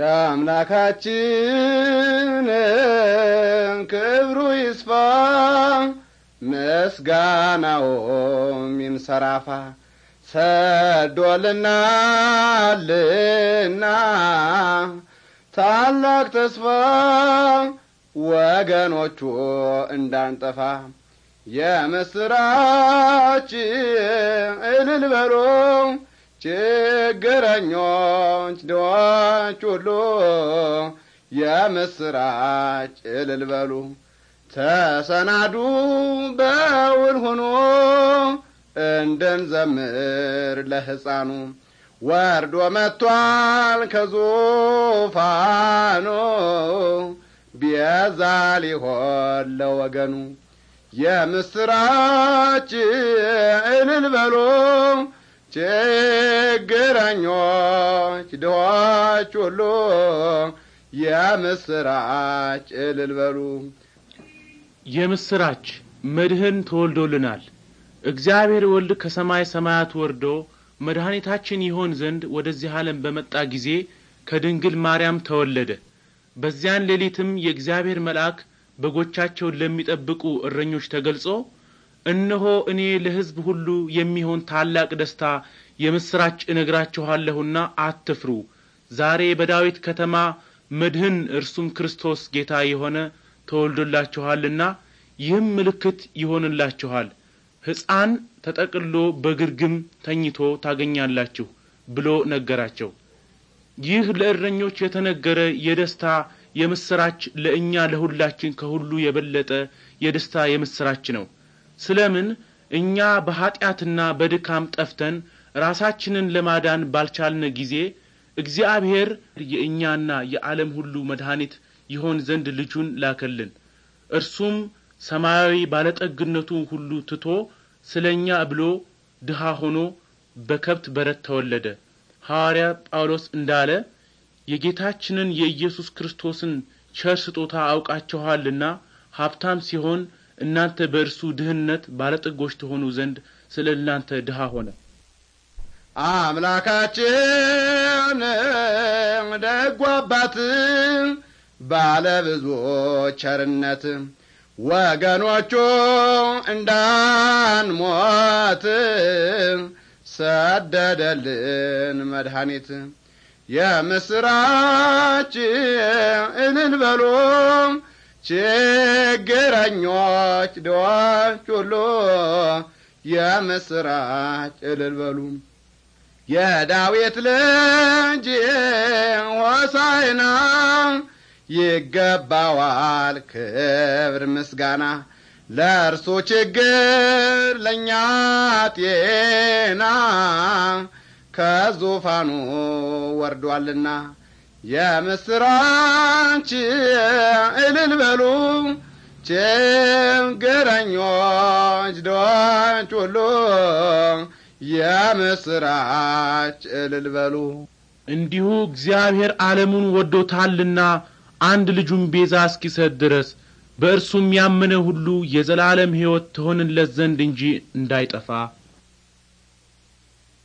የአምላካችን ክብሩ ይስፋ፣ ምስጋናውም ይንሰራፋ። ሰዶልናልና ታላቅ ተስፋ ወገኖቹ እንዳንጠፋ የምስራች እልል በሎ ችግረኞች ድዋች ሁሉ የምስራች እልል በሉ። ተሰናዱ በውል ሁኑ እንድንዘምር ለሕፃኑ ወርዶ መጥቷል ከዙፋኑ ቤዛ ሊሆን ለወገኑ የምስራች እልል ቼ ችግረኞች ድሆች ሁሉ የምስራች እልል በሉ። የምስራች መድህን ተወልዶልናል። እግዚአብሔር ወልድ ከሰማይ ሰማያት ወርዶ መድኃኒታችን ይሆን ዘንድ ወደዚህ ዓለም በመጣ ጊዜ ከድንግል ማርያም ተወለደ። በዚያን ሌሊትም የእግዚአብሔር መልአክ በጎቻቸውን ለሚጠብቁ እረኞች ተገልጾ እነሆ እኔ ለሕዝብ ሁሉ የሚሆን ታላቅ ደስታ የምሥራች እነግራችኋለሁና አትፍሩ። ዛሬ በዳዊት ከተማ መድህን እርሱም ክርስቶስ ጌታ የሆነ ተወልዶላችኋልና ይህም ምልክት ይሆንላችኋል፣ ሕፃን ተጠቅልሎ በግርግም ተኝቶ ታገኛላችሁ ብሎ ነገራቸው። ይህ ለእረኞች የተነገረ የደስታ የምሥራች ለእኛ ለሁላችን ከሁሉ የበለጠ የደስታ የምሥራች ነው። ስለምን እኛ በኃጢአትና በድካም ጠፍተን ራሳችንን ለማዳን ባልቻልን ጊዜ እግዚአብሔር የእኛና የዓለም ሁሉ መድኃኒት ይሆን ዘንድ ልጁን ላከልን። እርሱም ሰማያዊ ባለጠግነቱ ሁሉ ትቶ ስለ እኛ ብሎ ድሃ ሆኖ በከብት በረት ተወለደ። ሐዋርያ ጳውሎስ እንዳለ የጌታችንን የኢየሱስ ክርስቶስን ቸር ስጦታ አውቃችኋልና ሀብታም ሲሆን እናንተ በእርሱ ድህነት ባለጠጎች ትሆኑ ዘንድ ስለ እናንተ ድሃ ሆነ። አምላካችን ደጎ አባት ባለ ብዙ ቸርነት ወገኖቹ እንዳንሞት ሰደደልን መድኃኒት። የምስራች እልል በሎም ችግረኞች ድዋች ሁሉ የምስራች እልል በሉ የዳዊት ልጅ ሆሳይና ይገባዋል ክብር ምስጋና ለእርሱ ችግር ለእኛ ጤና ከዙፋኑ ወርዷልና የምስራች እልል በሉ ችግረኞች ድሆች ሁሉ የምስራች እልል በሉ። እንዲሁ እግዚአብሔር ዓለሙን ወዶታልና አንድ ልጁን ቤዛ እስኪሰጥ ድረስ በእርሱም ያመነ ሁሉ የዘላለም ሕይወት ትሆንለት ዘንድ እንጂ እንዳይጠፋ